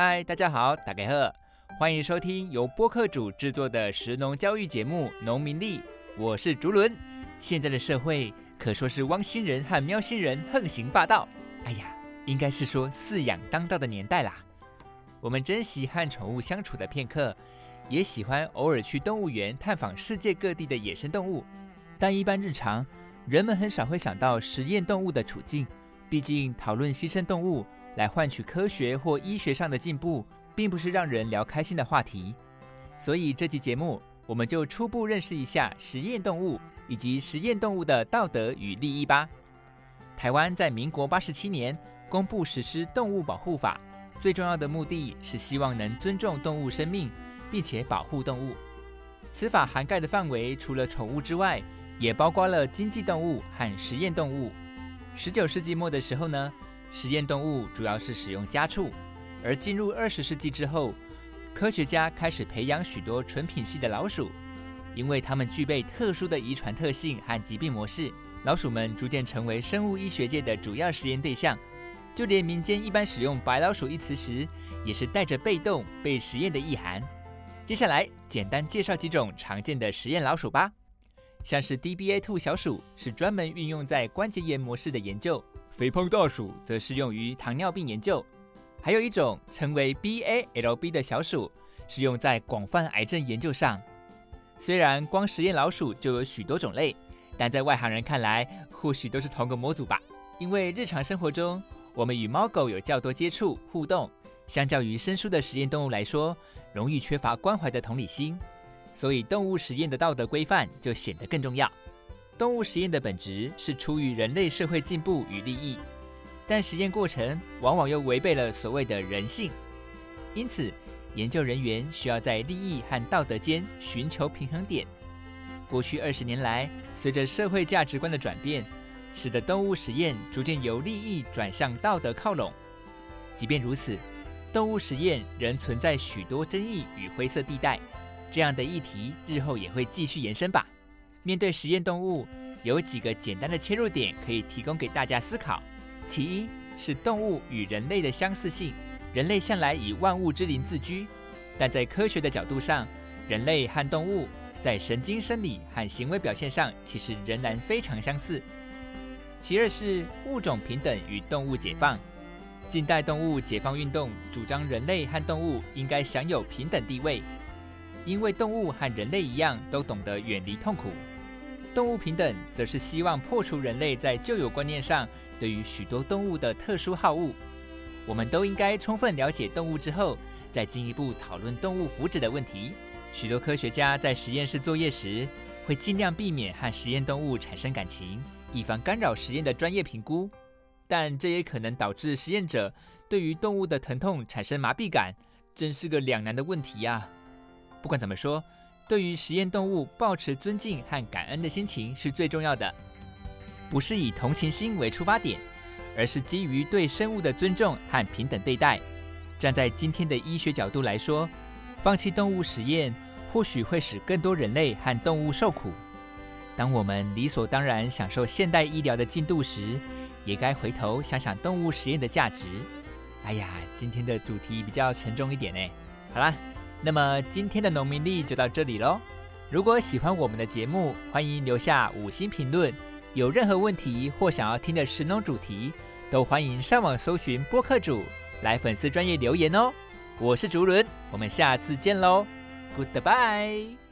嗨，大家好，打給賀，歡迎收聽由播客主制作的食農教育節目《農民曆》，我是竹輪。現在的社會可說是汪星人和喵星人橫行霸道，哎呀，應該是說飼養當道的年代啦。我們珍惜和寵物相處的片刻，也喜歡偶爾去動物園探訪世界各地的野生動物，但一般日常，人們很少會想到實驗動物的處境。畢竟，討論犧牲動物來換取科學或醫學上的進步，並不是讓人聊開心的話題。所以，這集節目我們就初步認識一下實驗動物以及實驗動物的道德與利益吧。台灣在民國八十七年公布實施《動物保護法》，最重要的目的是希望能尊重動物生命，並且保護動物。此法涵蓋的範圍除了寵物之外，也包括了經濟動物和實驗動物。十九世紀末的時候呢，實驗動物主要是使用家畜，而進入二十世紀之後，科學家開始培養許多純品系的老鼠，因為它們具備特殊的遺傳特性和疾病模式，老鼠們逐漸成為生物醫學界的主要實驗對象。就連民間一般使用“白老鼠”一詞時，也是帶着被動被實驗的意涵。接下來，簡單介紹幾種常見的實驗老鼠吧。像是 DBA two 小鼠是專門運用在關節炎模式的研究，肥胖大鼠則適用於糖尿病研究，還有一種稱為 BALB 的小鼠，是用在廣泛癌症研究上。雖然光實驗老鼠就有許多種類，但在外行人看來，或許都是同個模組吧。因為日常生活中，我們與貓狗有較多接觸互動，相較於生疏的實驗動物來說，容易缺乏關懷的同理心。所以，動物實驗的道德規範就顯得更重要。動物實驗的本質是出於人類社會進步與利益，但實驗過程往往又違背了所謂的人性。因此，研究人員需要在利益和道德間尋求平衡點。過去二十年來，隨着社會價值觀的轉變，使得動物實驗逐漸由利益轉向道德靠攏。即便如此，動物實驗仍存在許多爭議與灰色地帶。這樣的議題日後也會繼續延伸吧。面對實驗動物，有幾個簡單的切入點可以提供給大家思考。其一是動物與人類的相似性，人類向來以萬物之靈自居，但在科學的角度上，人類和動物在神經生理和行為表現上其實仍然非常相似。其二是物種平等與動物解放，近代動物解放運動主張人類和動物應該享有平等地位。因為動物和人類一樣，都懂得遠離痛苦。動物平等則是希望破除人類在舊有觀念上對於許多動物的特殊好惡。我們都應該充分了解動物之後，再進一步討論動物福祉的問題。許多科學家在實驗室作業時，會盡量避免和實驗動物產生感情，以防干擾實驗的專業評估。但這也可能導致實驗者對於動物的疼痛產生麻痹感，真是個兩難的問題呀。不管怎麼說，對於實驗動物保持尊敬和感恩的心情是最重要的。不是以同情心為出發點，而是基於對生物的尊重和平等對待。站在今天的醫學角度來說，放棄動物實驗或許會使更多人類和動物受苦。當我們理所當然享受現代醫療的進度時，也該回頭想想動物實驗的價值。哎呀，今天的主題比較沉重一點呢。好啦。那麼今天的農民曆就到這裡嘍。如果喜歡我們的節目，歡迎留下五星評論。有任何問題或想要聽的食農主題，都歡迎上網搜尋播客煮來粉絲專頁留言哦。我是竹輪，我們下次見嘍，Goodbye。Good